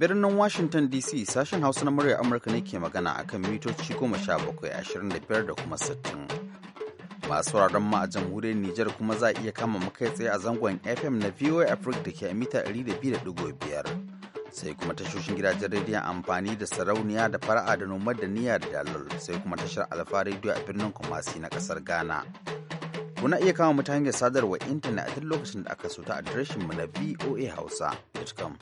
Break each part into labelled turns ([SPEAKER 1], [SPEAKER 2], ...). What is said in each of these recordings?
[SPEAKER 1] birnin Washington DC sashen Hausa na muryar Amurka ne ke magana akan mitoci sha ashirin da kuma 60. Masu wuraren ma a jamhuriyar Nijar kuma za a iya kama makai tsaye a zangon FM na VOA Africa da ke a mita 200.5. Sai kuma tashoshin gidajen rediyon amfani da sarauniya da fara'a da nomad da niyya da dalol sai kuma tashar alfa rediyo a birnin Kumasi na kasar Ghana. Kuna iya kama mu ta hanyar sadarwa intanet a duk lokacin da aka so ta adireshin mu na voa hausa.com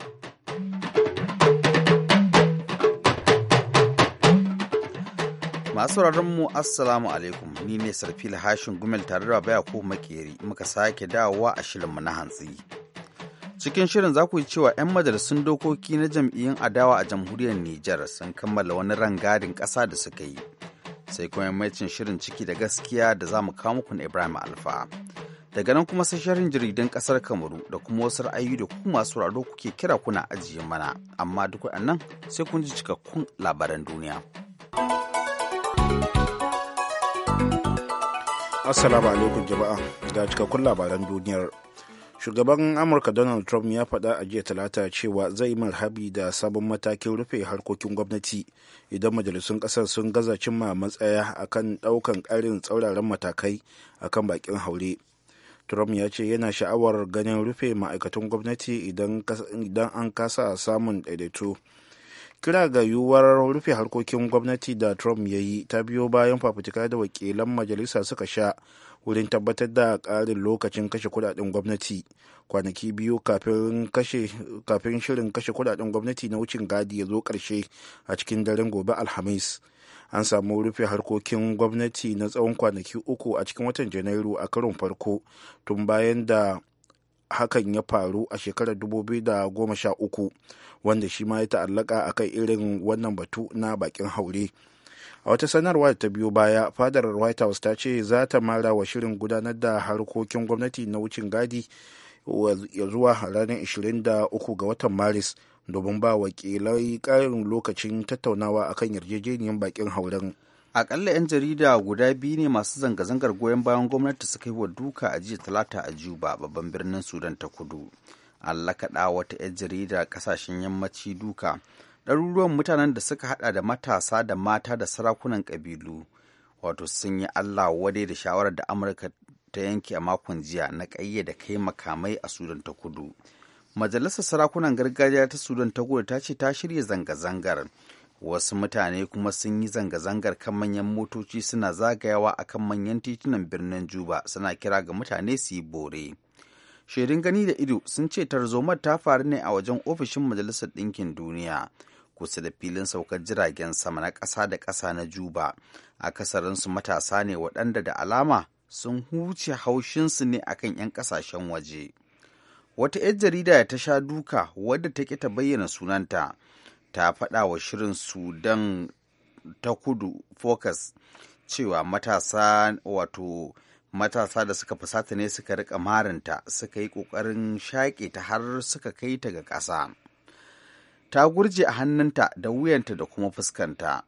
[SPEAKER 1] Masu mu Assalamu alaikum ni ne Sarfila Hashin Gumel tare da baya ko makeri muka sake dawowa a shirinmu na hantsi. Cikin shirin za ku yi cewa 'yan majalisun dokoki na jam'iyyun adawa a jamhuriyar Nijar sun kammala wani rangadin ƙasa da suka yi. Sai kuma maicin shirin ciki da gaskiya da za mu kawo muku na Ibrahim Alfa. Daga nan kuma sai shirin jaridan ƙasar Kamaru da kuma wasu ra'ayi da ku masu raro kuke kira kuna ajiye mana. Amma duk nan sai kun ji cikakkun labaran duniya. Assalamu alaikum
[SPEAKER 2] jama'a ga cikakkun labaran duniyar. Shugaban Amurka Donald Trump ya faɗa a jiya talata cewa zai yi marhabi da sabon matakin rufe harkokin gwamnati idan majalisun ƙasar sun gaza cimma matsaya akan ɗaukan ƙarin tsauraran matakai akan bakin haure. Trump ya ce yana sha'awar ganin rufe ma'aikatan gwamnati idan an kasa samun daidaito kira ga yiwuwar rufe harkokin gwamnati da trump ya yi ta biyo bayan fafutuka da wakilan majalisa suka sha wurin tabbatar da karin lokacin kashe kudaden gwamnati kwanaki biyu kafin shirin kashe kudaden gwamnati na wucin gadi ya zo karshe a cikin daren gobe alhamis an samu rufe harkokin gwamnati na tsawon kwanaki uku a cikin watan janairu a karon farko tun bayan da hakan ya faru a shekarar 2013 wanda shi ma ya ta'allaka a kan irin wannan batu na bakin haure a wata sanarwa ta biyo baya fadar white house ta ce za ta mara wa shirin gudanar da harkokin gwamnati na wucin gadi ya zuwa ranar 23 ga watan maris domin ba wa wakilai ƙarin lokacin tattaunawa akan yarjejeniyar
[SPEAKER 1] bakin hauren. akalla 'yan jarida guda biyu ne masu zanga-zangar goyon bayan gwamnati suka yi wa duka a jiya talata a juba babban birnin sudan ta kudu an lakaɗa wata 'yan jarida ƙasashen yammaci duka ɗaruruwan mutanen da suka haɗa da matasa da mata da sarakunan ƙabilu wato sun yi allah wadai da shawarar da amurka ta yanke a makon jiya na ƙayyade kai makamai a sudan ta kudu majalisar sarakunan gargajiya ta sudan ta kudu ta ce ta shirya zanga-zangar zanga zangar wasu mutane kuma sun yi zanga-zangar kan manyan motoci suna zagayawa a kan manyan titunan birnin juba suna kira ga mutane su yi bore shaidun gani da ido sun ce tarzomar ta faru ne a wajen ofishin majalisar ɗinkin duniya kusa da filin saukar jiragen sama na ƙasa da ƙasa na juba akasarinsu matasa ne waɗanda da alama sun huce haushinsu ne akan 'yan ƙasashen waje wata 'yar jarida ta sha duka wadda ta ƙi ta bayyana sunanta ta faɗa wa shirin sudan ta kudu focus cewa matasa wato matasa da suka fusata ne suka rika marinta suka yi ƙoƙarin shaƙe ta har suka kai ta ga ƙasa ta gurje a hannunta da wuyanta da kuma fuskanta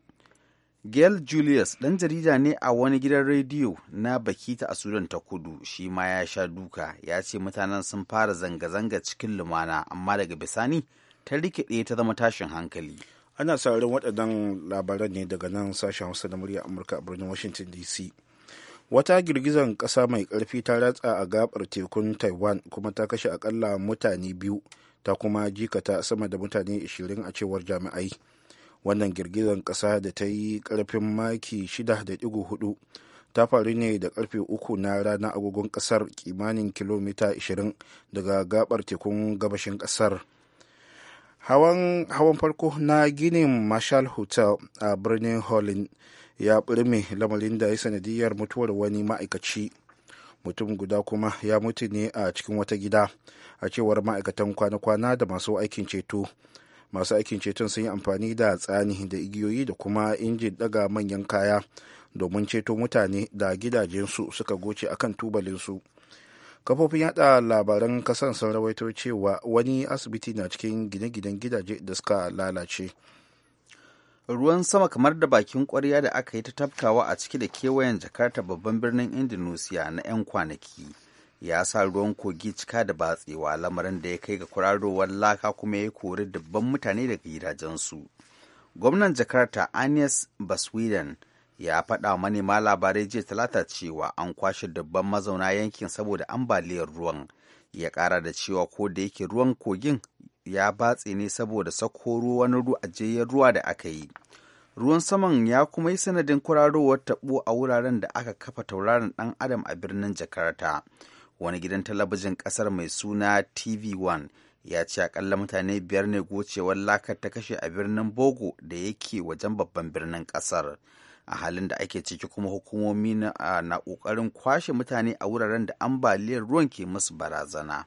[SPEAKER 1] gail julius ɗan jarida ne a wani gidan rediyo na bakita a sudan ta kudu shi ma ya sha duka ya ce mutanen sun fara zanga-zanga cikin lumana amma daga bisani ta rikide ta zama tashin hankali ana sauraron waɗannan labaran ne
[SPEAKER 2] daga nan sashen hausa da murya amurka a birnin washington dc wata girgizar ƙasa mai ƙarfi ta ratsa a gabar tekun taiwan kuma ta kashe aƙalla mutane biyu ta kuma jikata sama da mutane 20 a cewar jami'ai wannan girgizar ƙasa da ta yi ƙarfin maki 6.4 ta faru ne da karfe uku na rana agogon ƙasar kimanin kilomita 20 daga gabar tekun gabashin ƙasar. hawan hawan farko na ginin marshall hotel a birnin holland ya birme lamarin da ya sanadiyar mutuwar wani ma'aikaci mutum guda kuma ya mutu ne a cikin wata gida a cewar ma'aikatan kwana-kwana da masu aikin ceto masu aikin ceton sun yi amfani da tsani da igiyoyi da kuma injin daga manyan kaya domin ceto mutane da gidajensu suka goce akan tubalinsu kafofin yada labaran kasan sun rawaito cewa wani asibiti
[SPEAKER 1] na cikin gine-ginen gidaje da suka lalace ruwan sama kamar da bakin kwarya da aka yi ta tafkawa a ciki da kewayen jakarta babban birnin indonesia na 'yan kwanaki ya sa ruwan kogi cika da batsewa lamarin da ya kai ga kurarowar laka kuma ya kori dubban mutane daga gidajensu gwamnan jakarta anies baswedan ya faɗa manema labarai jiya talata cewa an kwashe dubban mazauna yankin saboda ambaliyar ruwan ya ƙara da cewa ko da yake ruwan kogin ya batse ne saboda sako ruwan ru'ajiyar ruwa da aka yi ruwan saman ya kuma yi sanadin kurarowar taɓo a wuraren da aka kafa tauraron ɗan adam a birnin jakarta wani gidan talabijin ƙasar mai suna tv1 ya ce akalla mutane biyar ne gocewar lakar ta kashe a birnin bogo da yake wajen babban birnin ƙasar. a halin da ake ciki kuma hukumomi na ƙoƙarin kwashe mutane a wuraren da ambaliyar ruwan ke musu barazana.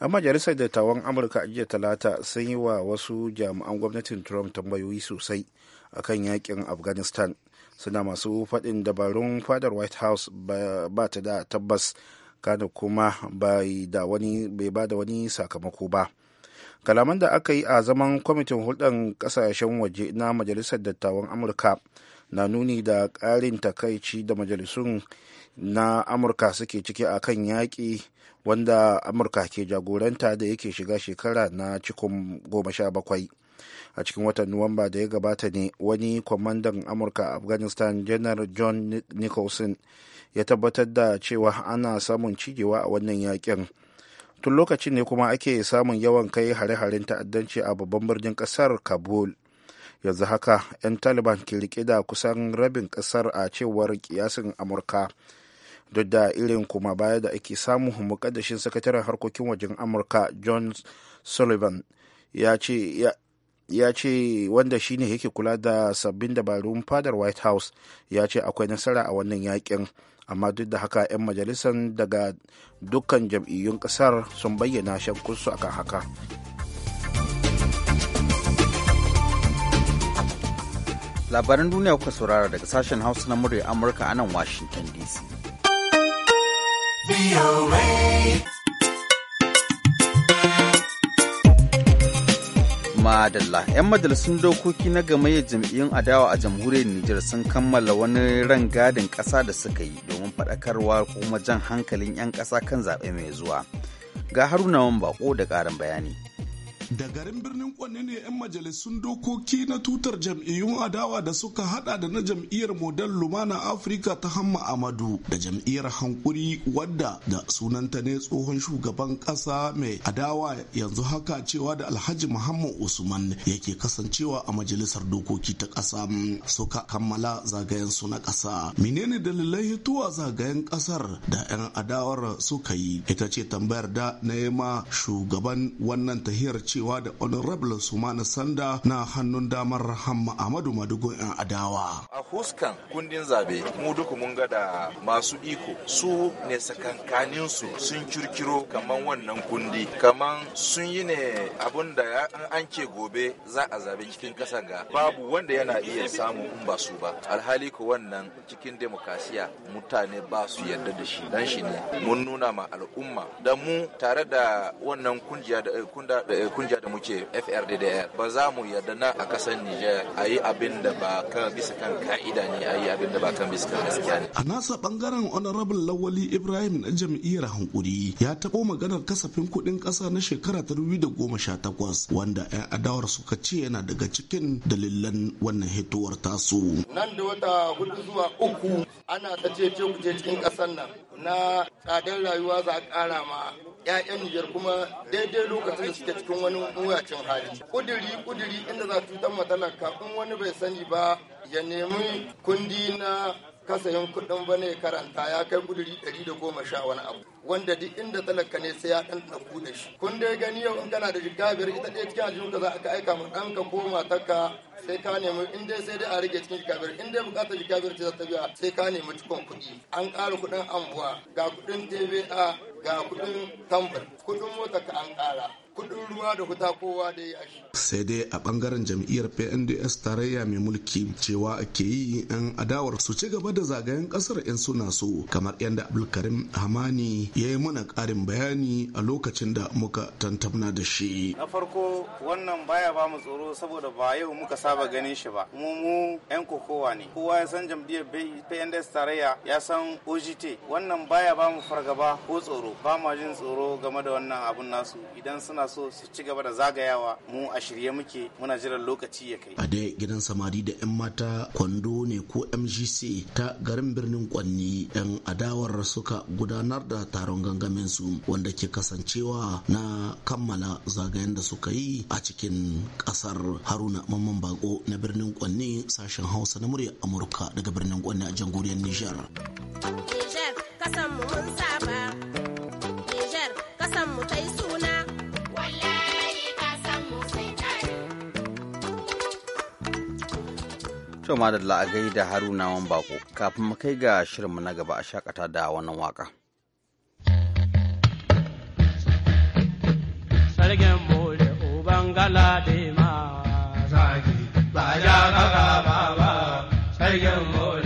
[SPEAKER 1] a majalisar dattawan amurka a jiya
[SPEAKER 2] talata sun yi wa wasu jami'an gwamnatin trump tambayoyi sosai a kan yakin afghanistan suna masu faɗin dabarun fadar white house ba ta da tabbas kada kuma bai ba da wani sakamako ba kalaman da aka yi a zaman kwamitin hulɗar ƙasashen waje na majalisar dattawan amurka na nuni da ƙarin takaici da majalisun na amurka suke ciki a kan yaƙi wanda amurka ke jagoranta da yake shiga shekara na cikin goma sha bakwai a cikin watan nuwamba da ya gabata ne wani kwamandan amurka a afghanistan janar john nicholson ya tabbatar da cewa ana samun cigewa a wannan yakin tun lokacin ne kuma ake samun yawan kai hare-haren ta'addanci a babban birnin kasar kabul yanzu haka 'yan taliban ke rike da kusan rabin kasar a cewar kiyasin amurka duk da irin kuma baya da ake samu mukaddashin sakataren harkokin wajen amurka john sullivan ya ce wanda shine yake kula da sabbin dabarun fadar white house ya ce akwai nasara a wannan yakin amma duk da haka 'yan majalisar daga dukkan jam'iyyun kasar sun bayyana shan shankunsu akan haka
[SPEAKER 1] labaran duniya kuka saurara daga sashen hausa na murya amurka a nan washington dc madalla 'yan majalisun dokoki na gamayyar jam'iyyun adawa a jamhuriyar Nijar sun kammala wani ran gadin ƙasa da suka yi domin faɗakarwa kuma jan hankalin 'yan ƙasa kan zaɓe mai zuwa ga haruna wani bako da ƙarin bayani da garin birnin
[SPEAKER 3] kwanne ne 'yan majalisun dokoki na tutar jam'iyyun adawa da suka hada da na jam'iyyar model lumana afirka ta hamma amadu da jam'iyyar hankuri wadda da sunanta ne tsohon shugaban kasa mai adawa yanzu haka cewa da alhaji muhammad usman yake kasancewa a majalisar dokoki ta kasa suka kammala zagayen su na kasa menene dalilan hituwa zagayen kasar da 'yan adawar suka yi ita ce tambayar da na yi ma shugaban wannan tahiyar cewa da honorable sumana sanda na hannun damar rahama amadu madugo yan adawa a huskan kundin zabe mu duka mun ga da masu iko su ne
[SPEAKER 1] sakankanin sun kirkiro kaman wannan kundi kaman sun yi ne abun da an ke gobe za a zabe cikin kasa ga babu wanda yana iya samu in ba su ba alhali ko wannan cikin demokrasiya mutane ba su yarda da shi dan shi ne mun nuna ma al'umma da mu tare da wannan kungiya da kunda da eh, kungiya da muke FRDDR ba za mu yarda na a kasar Niger a yi abin da ba kan bisa
[SPEAKER 3] kan ka'ida ne a yi abin da ba kan bisa kan gaskiya ne. A nasa bangaren Honorable Lawali Ibrahim na jam'iyyar hankuri ya taɓo maganar kasafin kuɗin ƙasa na shekara ta takwas wanda 'yan adawar suka ce yana daga cikin dalilan wannan hitowar tasu. Nan da wata hudu zuwa uku ana ta ce ce cikin ƙasar nan na tsadar rayuwa za a ƙara ma 'ya'yan Nijar kuma daidai lokacin da suke cikin wani cikin muyacin hali kudiri kudiri inda za tutan matalaka in wani bai sani ba ya nemi kundi na kasayin kudin bane karanta ya kai kudiri ɗari da goma sha wani abu wanda duk inda talaka ne sai ya dan ɗauku da shi kun dai gani yau in kana da shiga ita ɗaya cikin da za ka aika ma ka ko matarka sai ka nemi in dai sai dai a rage cikin jikabiyar in dai bukatar jikabiyar ce za ta biya sai ka nemi cikon kuɗi an ƙara kuɗin ambuwa ga kuɗin a, ga kuɗin tambar kuɗin mota ka an ƙara kudin ruwa da kuta kowa da ya shi. sai dai a bangaren jam'iyyar pnds tarayya mai mulki cewa ke yi yan adawar su ci gaba da zagayen kasar yan suna so kamar yadda abdulkarim hamani ya yi mana karin bayani a lokacin da muka tantamna da shi na farko wannan baya ba mu tsoro saboda ba yau muka saba ganin shi ba mu mu yan kokowa ne kowa ya san jam'iyyar pnds tarayya ya san ogt wannan baya ba mu fargaba ko tsoro ba ma jin tsoro game da wannan abun nasu idan suna suna su ci gaba da zagayawa mu a shirye muke muna jiran lokaci ya kai a dai gidan samari da yan mata kwando ne ko mgc ta garin birnin kwanni yan adawar suka gudanar da taron gangamin su wanda ke kasancewa na kammala zagayen da suka yi a cikin kasar haruna mamman bako na birnin kwanni sashen hausa na murya amurka daga birnin kwanni a jamhuriyar nijar
[SPEAKER 1] To madalla a gaida haruna wan bako kafin mu kai ga mu na gaba a shakata da wannan waka.
[SPEAKER 4] Sargin bole
[SPEAKER 3] uban gala ma zagi ba ya ka ba ba
[SPEAKER 4] sargin mole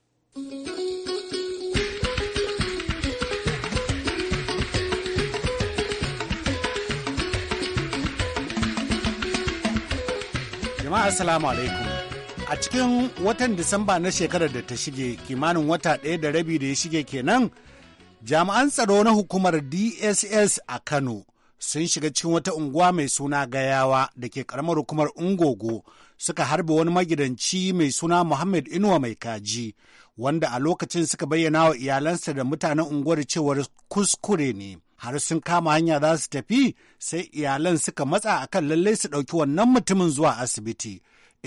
[SPEAKER 5] Jama'a Assalamu alaikum. A cikin watan Disamba na shekarar da ta shige kimanin wata ɗaya da rabi da ya shige kenan jami'an tsaro na hukumar DSS a Kano sun shiga cikin wata unguwa mai suna Gayawa da ke karamar hukumar Ungogo suka harbe wani magidanci mai suna Muhammad Inuwa mai kaji wanda a lokacin suka bayyana wa iyalansa da mutanen unguwar cewar kuskure ne. har sun kama hanya za su tafi sai iyalan suka matsa akan lallai su ɗauki wannan mutumin zuwa asibiti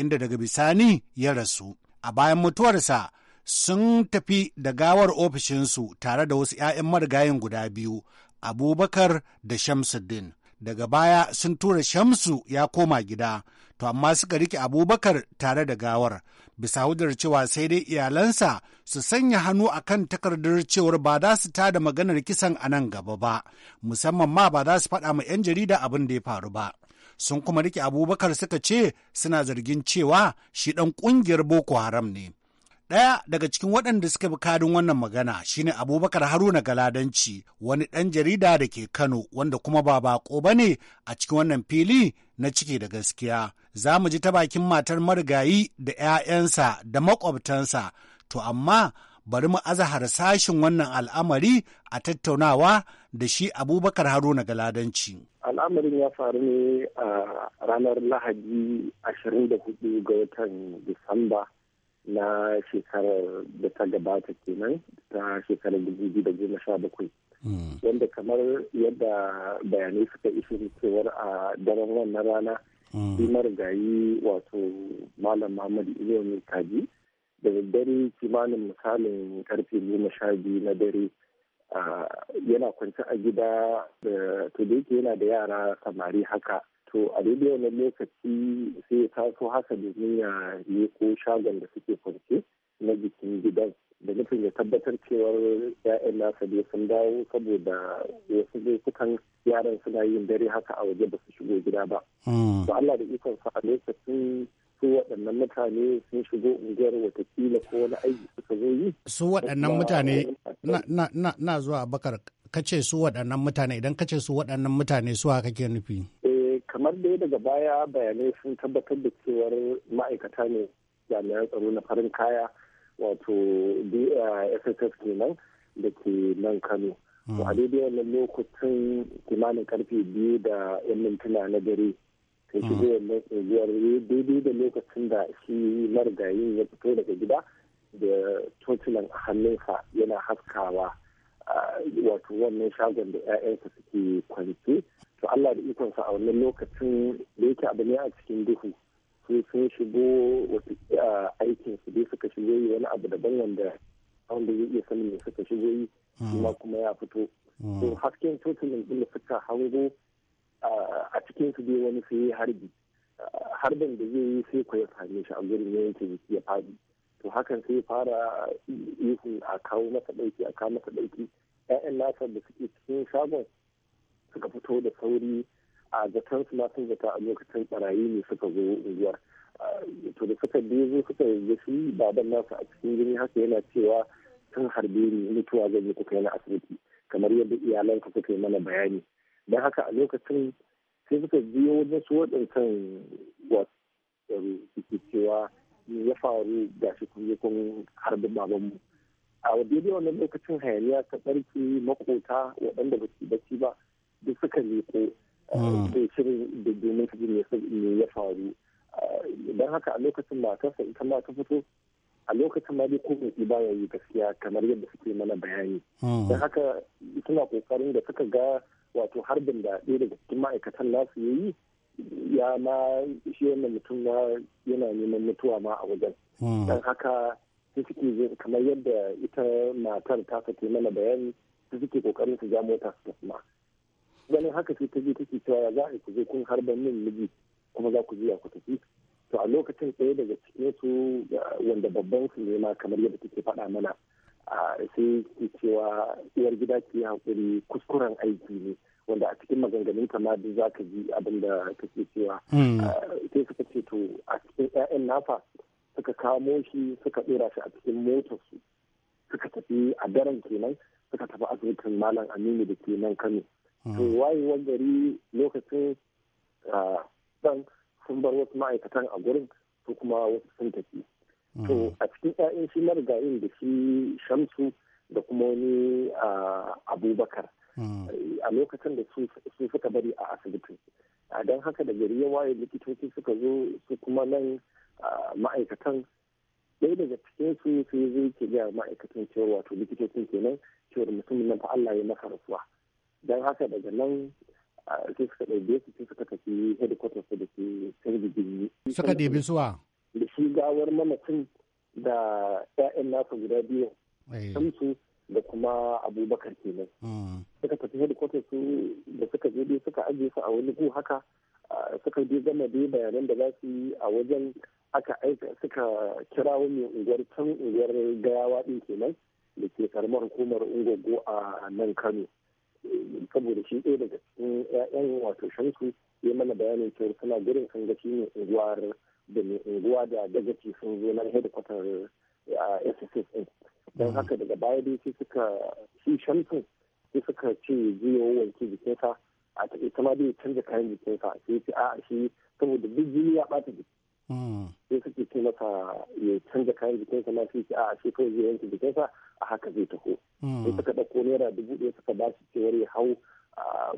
[SPEAKER 5] inda daga bisani ya rasu a bayan mutuwarsa sun tafi da gawar ofishinsu tare da wasu 'ya'yan marigayin guda biyu abubakar da shamsuddin daga baya sun tura shamsu ya koma gida to amma suka rike abubakar tare da gawar bisa hudar cewa sai dai iyalansa su sanya hannu a kan takardar cewar ba za su tada maganar kisan a nan gaba ba, musamman ma ba za su faɗa ma 'yan jarida abin da ya faru ba. Sun kuma rike abubakar suka ce suna zargin cewa shi ɗan ƙungiyar Boko Haram ne. Ɗaya daga cikin waɗanda suka bi kadin wannan magana shine Abubakar Haruna Galadanci, wani ɗan jarida da ke Kano, wanda kuma ba bako ba ne a cikin wannan fili na ciki da gaskiya. Za mu ji ta bakin matar marigayi da 'ya'yansa da makwabtansa, to amma bari mu azahar sashin wannan al'amari a tattaunawa da shi abubakar haruna galadanci.
[SPEAKER 6] Al'amarin ya faru ne a ranar Lahadi 24 ga watan Disamba na shekarar da ta gabata kenan ta shekarar 2017. wanda kamar yadda bayanai suka isu cewar a daren wannan rana mm. shi marigayi wato malam muhammad iliyomi kaji da daddare kimanin misalin karfe goma sha biyu na dare yana kwanci a gida to da yake yana da yara samari haka to a daidai wani lokaci sai ya taso haka domin ya ko shagon da suke kwance na jikin gidan da nufin ya tabbatar cewar ya'yan nasa dai sun dawo saboda wasu lokutan yaran suna yin dare haka a waje ba su shigo gida ba. Hmm. To Allah da ikon sa a lokacin su waɗannan mutane sun shigo unguwar watakila ko wani aiki suka zo yi. Su
[SPEAKER 5] waɗannan mutane na zuwa bakar ka ce su waɗannan mutane idan ka ce su waɗannan mutane su haka ke nufi.
[SPEAKER 6] Eh, kamar dai daga baya bayanai sun tabbatar da cewar ma'aikata ne jami'an tsaro na farin kaya. wato sss kenan da ke nan kano a hmm. daidai wannan lokacin kimanin karfe biyu da yan mintuna na dare ta hmm. shigo wannan tsohuwar daidai da lokacin da shi marigayin ya fito daga gida da tocilan a hannunsa yana haskawa wato wannan shagon da 'ya'yansa suke kwance. to allah da ikonsa a wannan lokacin da yake abu ne a cikin duhu su sun shigo a aikin su dai suka shigo yi wani abu daban wanda wanda zai iya sanin da suka shigo yi kuma hmm. kuma ya fito to hmm. hasken totalin din da suka hango a cikin su dai wani sai harbi harbin da zai yi sai ku ya same shi a gurin ya yanke jiki ya fadi to hakan sai fara ihun a kawo masa dauki a kawo masa dauki 'ya'yan nasa da suke cikin shagon suka fito da sauri a zaton su ma sun zata a lokacin barayi ne suka zo unguwar to da suka biyu suka yi shi baban nasu a cikin jini haka yana cewa sun harbe ni mutuwa zan yi kuka yana asibiti kamar yadda iyalanka suka yi mana bayani don haka a lokacin sai suka biyo wajen su waɗancan wasu um, suke cewa ya faru ga shi kun yi kun harbi babanmu a daidai wannan lokacin hayaniya ta ɓarke makota waɗanda ba su bacci ba duk suka leƙo bai mm. ci domin ka ne ya faru ah, don haka a lokacin matarsa ita ma ta fito a lokacin ma dai ko mai baya yi gaskiya kamar yadda suke mana bayani mm. don haka suna kokarin da suka ga wato harbin da ɗaya daga cikin ma'aikatan nasu ya yi ya ma shi wannan mutum yana neman mutuwa ma a wajen mm. don haka su suke kamar yadda ita matar ta sake mana bayani su suke kokarin su ja mota su tafi ganin haka sai ta je take cewa ya za a ku je kun harban min miji kuma za ku je ku tafi to a lokacin tsaye daga cikin su wanda babban su ne kamar yadda take faɗa mana sai ke cewa uwar gida ke hakuri kuskuren aiki ne wanda a cikin maganganun ta ma duk za ka ji abin da kake cewa hmm. sai suka ce to a cikin 'ya'yan nafa suka kamo shi suka ɗora shi a cikin motar su suka tafi a daren kenan suka tafi asibitin malam aminu da ke nan kano Mm. to wayewar gari lokacin bank sun bar wasu ma'aikatan a gurin ko kuma wasu sun tafi mm. to a cikin 'ya'yan shi marigayin da shi shamsu da kuma wani abubakar mm. a lokacin da su suka bari a asibitin a don haka da gari ya waye likitoci suka zo su kuma nan ma'aikatan ɗaya daga cikin su sai zai ke gaya ma'aikatan cewa wato likitocin kenan cewar mutumin nan fa Allah ya maka rasuwa don haka daga nan sai suka ɗaiɗe su sai suka tafi headquarters da ke sai da jirgi.
[SPEAKER 5] Suka ɗebi suwa?
[SPEAKER 6] Da shi gawar mamacin da 'ya'yan nasa guda biyu. Eh. Samsu da kuma abubakar kenan. Hmm. Suka tafi headquarters su da suka je dai suka ajiye su a wani gu haka suka je gama dai bayanan da za su yi a wajen aka aika suka kira wani unguwar can unguwar gayawa ɗin kenan da ke karamar hukumar ungogo a nan Kano. saboda shi ɗaya daga cikin 'ya'yan wato shamsu ya mana bayanin cewa suna gurin kan gaci ne unguwar da mai unguwa da dagaci sun zo nan hedikwatar a sss don mm. haka daga baya dai sai suka shi shamsu sai suka ce zuwa wanke jikinsa a ita ma dai canza kayan jikinsa sai ce a shi saboda duk jini ya ɓata jiki Mm. sai kake ce masa ya canza kayan jikinsa na sai ce a shi kawai zai yanke jikinsa a haka zai taho mm. sai suka ɗauko naira dubu ɗaya suka ba shi cewar ya hau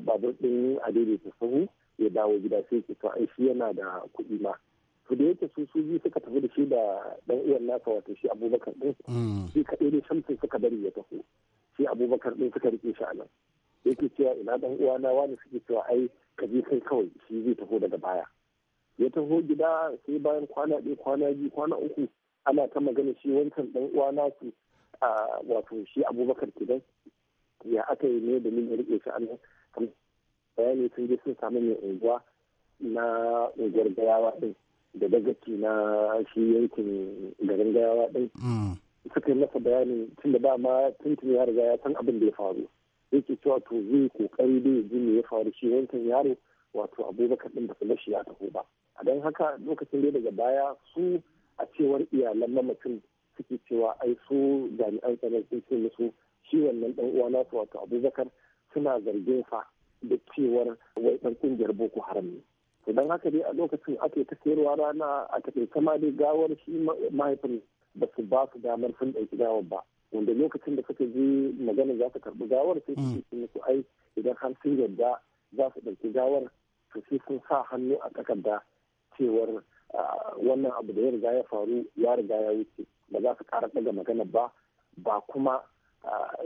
[SPEAKER 6] babur ɗin a daidaita sahu ya dawo gida sai ce to an shi yana da kuɗi ma to da yake su su biyu suka tafi da shi da ɗan uwan nasa wato shi abubakar ɗin mm. shi kaɗai ne shamsin suka bari ya taho shi abubakar ɗin suka rike shi a nan yake cewa ina ɗan uwana wani suke cewa ai ka je kai kawai shi zai taho daga baya ya taho gida sai bayan kwana ɗaya kwana biyu kwana uku ana ta magana shi wancan ɗan uwa nasu a wato shi abubakar kidan ya aka yi ne da ni rike shi an bayani sun je sun samu mai unguwa na unguwar gayawa ɗin da dagaci na shi yankin garin gayawa ɗin mm. suka yi masa bayani tun da dama tuntun ya riga ya san abin da ya faru yake cewa to zai kokari da ya ji me ya faru shi wancan yaro wato abubakar din da su shi ya taho ba a don haka lokacin da daga baya su a cewar iyalan mamacin suke cewa ai su jami'an tsaron sun ce musu shi wannan dan uwa nasu wato abubakar suna zargin sa da cewar wai dan kungiyar boko haram ne to don haka dai a lokacin ake ta sayarwa rana a takaice kama dai gawar shi mahaifin ba su ba su damar sun ɗauki gawar ba wanda lokacin da suka je magana za ta karɓi gawar sai su mm. ce musu ai idan har sun yarda za su ɗauki gawar to sun sa hannu a takarda cewar wannan abu da ya riga ya faru ya riga ya wuce ba za su kara daga magana ba ba kuma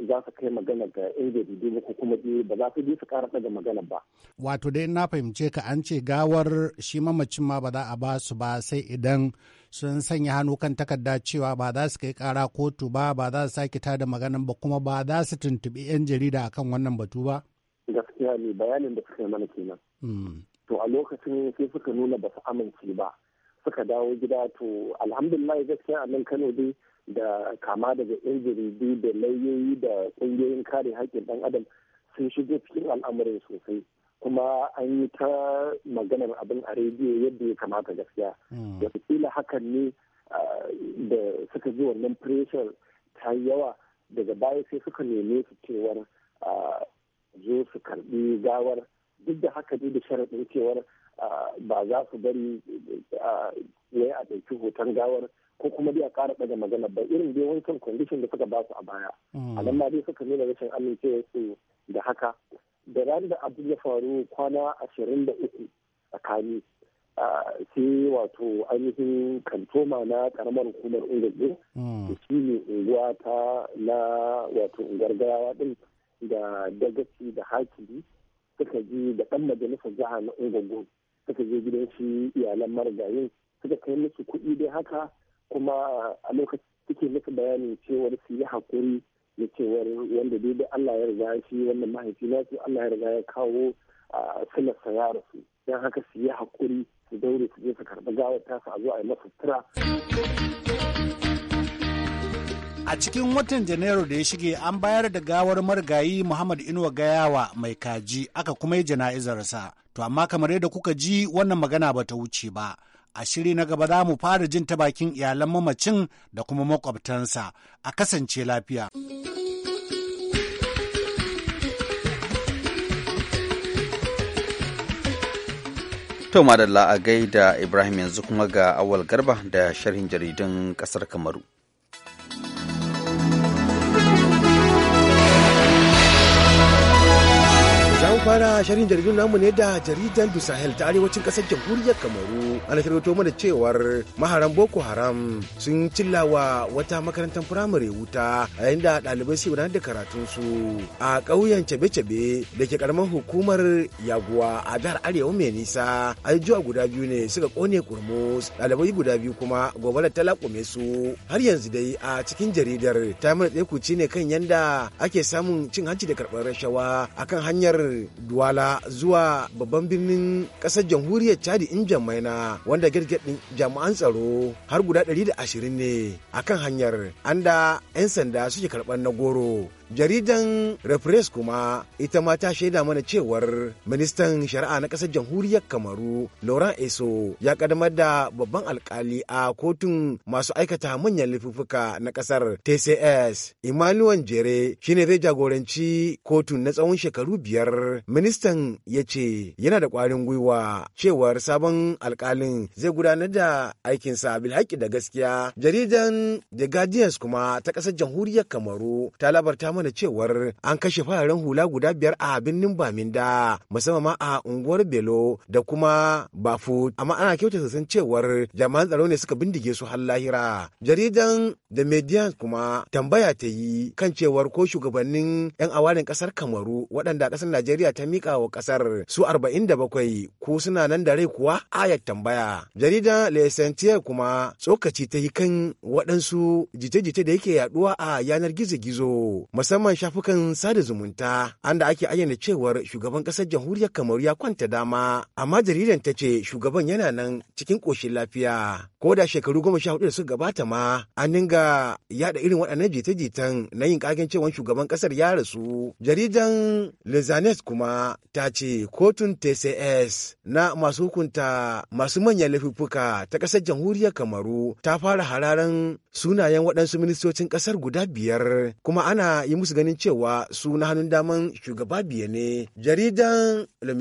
[SPEAKER 6] za su kai magana ga yan jaridu ba ko kuma ba za su je su kara daga magana ba.
[SPEAKER 5] Wato dai na fahimce ka an ce gawar shi mamacin ma ba za a ba su ba sai idan sun sanya hannu kan takarda cewa ba za su kai kara kotu ba ba za su sake tada maganan ba kuma ba za su tuntubi yan jarida akan wannan batu ba.
[SPEAKER 6] Gaskiya ne bayanin da suka mana kenan. Hmm. to a lokacin sai suka nuna ba su amince ba suka dawo gida to alhamdulillah gaskiya a nan kano dai da kama daga yan jaridu da lauyoyi da kungiyoyin kare haƙƙin ɗan adam sun shigo cikin al'amarin sosai kuma an yi ta maganar abin a rediyo yadda ya kamata gaskiya da hmm. kila hakan ne da suka ji wannan pressure ta yawa daga baya sai suka neme su cewar zo su karɓi gawar duk da haka ne da sharaɗin cewar ba za su bari yi a ɗauki hoton gawar ko kuma dai a ƙara ɗaga magana ba irin dai wancan kwandishin da suka ba su a baya mm. a nan ma dai suka nuna rashin amincewa su da haka da ran da abin ya faru kwana ashirin da uku tsakani sai wato ainihin kantoma na karamar hukumar ungaje mm. da shi ne unguwa ta na wato ungar gawa din da dagasi da hakili. suka ji da ɗan majalisar jiha na ungungun suka je gidan shi iyalan marigayin suka kai musu kuɗi dai haka kuma a lokacin suke musu bayanin cewar su yi haƙuri da cewar wanda dai da Allah ya riga shi wannan mahaifi na su Allah ya riga ya kawo suna saya da su don haka su yi haƙuri su daure su je su karɓi gawar tasa a zo a yi masa sutura.
[SPEAKER 5] a cikin watan janairu da ya shige an bayar da gawar marigayi muhammad inuwa gayawa mai kaji aka kuma yi jana'izarsa to amma kamar yadda kuka ji wannan magana ba ta wuce ba a shiri na gaba za mu fara jin ta bakin iyalan mamacin da kuma makwabtansa a kasance lafiya.
[SPEAKER 1] To madalla a gaida Ibrahim yanzu kuma ga awal garba da sharhin jaridun kasar Kamaru.
[SPEAKER 7] fara shirin jaridun namu ne da jaridan du sahel ta arewacin kasar jamhuriyar kamaru an shiryato mana cewar maharan boko haram sun cillawa wata makarantar firamare wuta a yayin da ɗalibai su gudanar da su. a ƙauyen cebe-cebe da ke karamar hukumar yaguwa a jihar arewa mai nisa ajujuwa guda biyu ne suka kone kurmus ɗalibai guda biyu kuma gobara ta laƙume su har yanzu dai a cikin jaridar ta mana ɗaya ne kan yanda ake samun cin hanci da karɓar rashawa akan hanyar Duwala zuwa babban birnin ƙasar jamhuriyar Chadi in Jamaina wanda girgirdin jami'an tsaro har guda 120 ne a kan hanyar an da 'yan sanda suke karɓar na goro jaridan refres kuma ita ma ta shaida mana cewar ministan shari'a na ƙasar jamhuriyar kamaru laurent eso ya ƙaddamar da babban alkali a kotun masu aikata manyan laifuka na kasar tcs emmanuel jere shine zai jagoranci kotun na tsawon shekaru biyar ministan ya ce yana da kwarin gwiwa cewar sabon alkalin zai gudanar da aikin aikinsa bilhaki da gaskiya jaridan the guardians kuma ta ƙasar jamhuriyar kamaru ta labarta mana mana cewar an kashe fararen hula guda biyar a birnin Baminda musamman a unguwar Belo da kuma Bafu amma ana kyautata san cewar jami'an tsaro ne suka bindige su har lahira. Jaridan da Median kuma tambaya ta yi kan cewar ko shugabannin 'yan awarin kasar Kamaru waɗanda kasar Najeriya ta mika wa kasar su 47 ko suna nan da rai kuwa ayat tambaya. Jarida Le kuma tsokaci ta yi kan waɗansu jite-jite da yake yaduwa a yanar gizo-gizo. musamman shafukan sada zumunta an da ake ayyana cewar shugaban ƙasar jamhuriyar kamaru ya kwanta dama amma jaridan ta ce shugaban yana nan cikin ƙoshin lafiya ko da shekaru goma sha hudu da suka gabata ma an dinga yada irin waɗannan jita-jitan na yin kagen cewa shugaban ƙasar ya rasu jaridan lezanet kuma ta ce kotun tcs na masu hukunta masu manyan laifuffuka ta ƙasar jamhuriyar kamaru ta fara hararan sunayen waɗansu ministocin ƙasar guda biyar kuma ana yi musu ganin cewa su na hannun daman shugaba biya ne jaridan le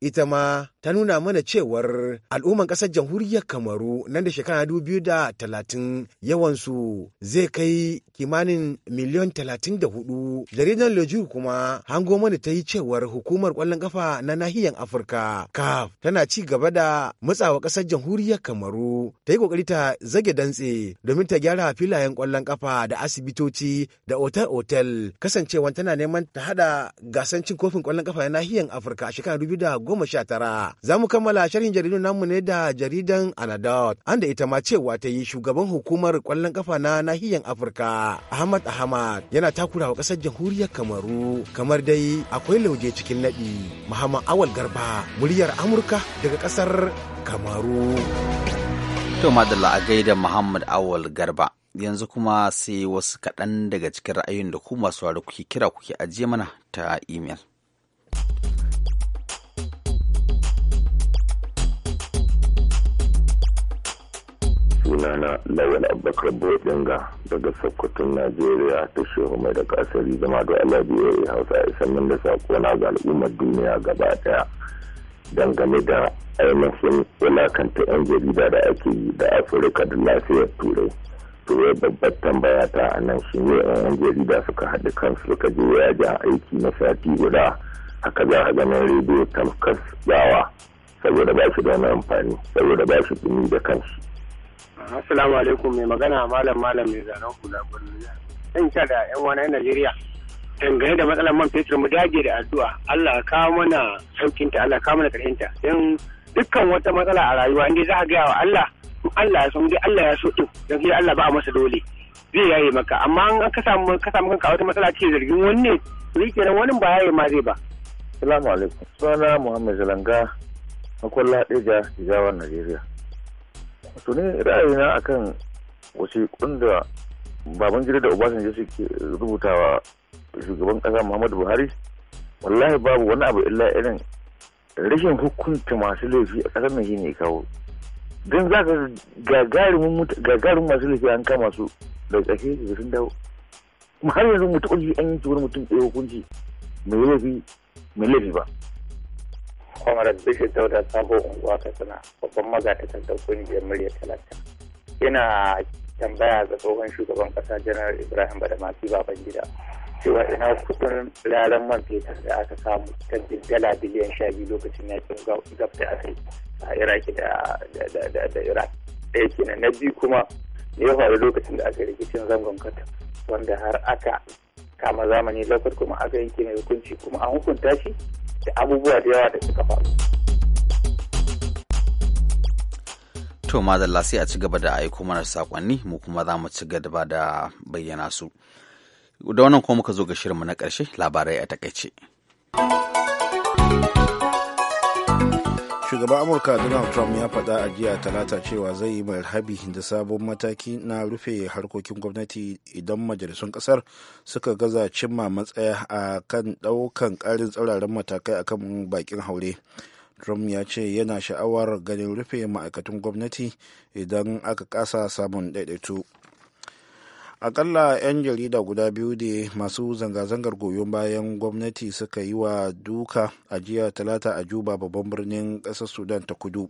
[SPEAKER 7] ita ma ta nuna mana cewar al'umman ƙasar jamhuriyar kamaru nan da shekara dubu da talatin yawansu zai kai kimanin miliyon talatin da hudu. Jaridar Lejur kuma hango mana ta yi cewar hukumar kwallon kafa na nahiyar Afirka CAF tana ci gaba da matsawa ƙasar jamhuriyar Kamaru ta yi ƙoƙari ta zage dantse domin ta gyara filayen kwallon kafa da asibitoci da otel-otel kasancewa tana neman ta hada gasan cin kofin kwallon kafa na nahiyar Afirka a dubu da goma sha tara. Za mu kammala sharhin jaridun namu ne da jaridan Anadol. an da ita ma cewa ta yi shugaban hukumar kwallon kafa na nahiyar Afirka, Ahmad Ahmad, yana takurawa kasar jamhuriyar Kamaru, kamar dai akwai lauje cikin naɗi. Muhammad Awal Garba, muryar Amurka daga kasar
[SPEAKER 1] Kamaru. To madalla a gaida Muhammad Awal Garba. Yanzu kuma sai wasu kaɗan daga cikin ra'ayin da ku masu kira kuke ajiye mana ta imel. sunana lawal abubakar bodinga
[SPEAKER 6] daga sokoton najeriya ta shehu mai da kasari zama da allah ya hausa isa nan da sako na ga al'ummar duniya gaba daya dangane da ainihin wulakanta yan jarida da ake yi da afirka da lafiyar turai turai babbar tambaya ta a nan shi ne yan jarida suka haɗu kansu suka je yajin aiki na sati guda haka za a ganin rediyo tamkas bawa saboda ba shi da wani amfani saboda ba shi da kansu. Assalamu alaikum mai magana malam malam mai zanen
[SPEAKER 7] hula gwamnati. Zan kira da 'yan wani Najeriya. Dangane da matsalar man fetur mu dage da addu'a Allah ka kawo mana saukinta Allah ka kawo mana ƙarfinta. Don dukkan wata matsala a rayuwa inda za a gaya wa Allah Allah ya san dai Allah ya so din don sai Allah ba a masa dole zai yaye maka amma an ka samu ka samu kanka wata matsala ce zargin wani ne zai kenan wani ba yaye ma zai ba.
[SPEAKER 6] Assalamu alaikum. Sunana Muhammad Zalanga. Makwalla Ɗeja, Jigawar Najeriya. to ne ra'ayina akan wasu da baban gida da obasanjo suke rubutawa shugaban kasa muhammadu buhari wallahi babu wani abu illa irin rashin hukunta masu laifi a ƙasar nan shine kawo don za ka gagarin masu laifi an kama su da tsake da sun dawo kuma har yanzu mutum an yi wani mutum ɗaya hukunci mai laifi ba kwamarar bishop dauda sabo unguwa katsina babban da kungiyar murya talata ina tambaya ga tsohon shugaban kasa janar ibrahim badamasi baban gida cewa ina kusan laran man fetur da aka samu ta dala biliyan sha biyu lokacin yakin gab da aka yi a iraki da iraq ɗaya kenan na biyu kuma ya faru lokacin da aka rikicin zangon kata wanda har aka kama zamani lokacin kuma aka yanke mai hukunci kuma an hukunta shi da abubuwa da yawa da suka faru.
[SPEAKER 1] To madalla sai a ci gaba da aiko mana sakonni mu kuma za mu ci gaba da bayyana su. Da wannan kuma muka zo ga shirinmu na ƙarshe labarai a takaice.
[SPEAKER 2] shugaban amurka donald trump ya faɗa a jiya talata cewa zai yi marhabi da sabon mataki na rufe harkokin gwamnati idan majalisun ƙasar suka gaza cimma matsaya a kan ɗaukan ƙarin tsauraran matakai a kan bakin haure trump ya ce yana sha'awar ganin rufe ma'aikatan gwamnati idan aka kasa samun ɗaiɗaitu akalla 'yan jarida guda biyu ne masu zanga-zangar goyon bayan gwamnati suka yi wa duka a jiya talata a juba babban birnin ƙasar sudan ta kudu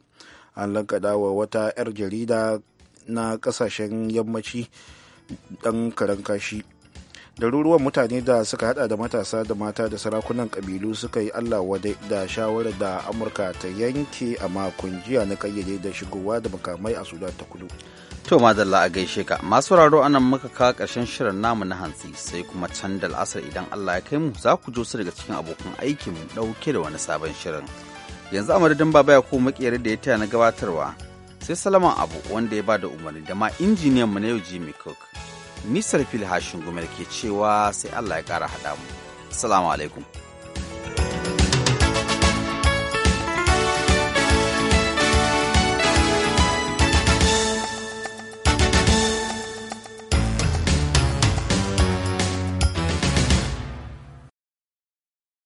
[SPEAKER 2] an lankada wa wata 'yar jarida na kasashen yammaci ɗan karan kashi daruruwan mutane da suka hada da matasa da mata da sarakunan kabilu suka yi allah wadai da shawarar da amurka ta yanke a makon jiya na
[SPEAKER 1] kayyade da shigowa da makamai a sudan ta kudu To madalla a gaishe ka masu raro anan muka kawo ƙarshen shirin namu na hantsi sai kuma can da al'asar idan Allah ya kai mu za ku jo su daga cikin abokan aikin mu ɗauke da wani sabon shirin. Yanzu a madadin baba ya kuma makiyar da ya taya na gabatarwa sai Salaman Abu wanda ya bada umarni da ma injiniyan mu na yau Jimmy Cook. Nisar Fil Hashin Gumel ke cewa sai Allah ya kara haɗa mu. Assalamu alaikum.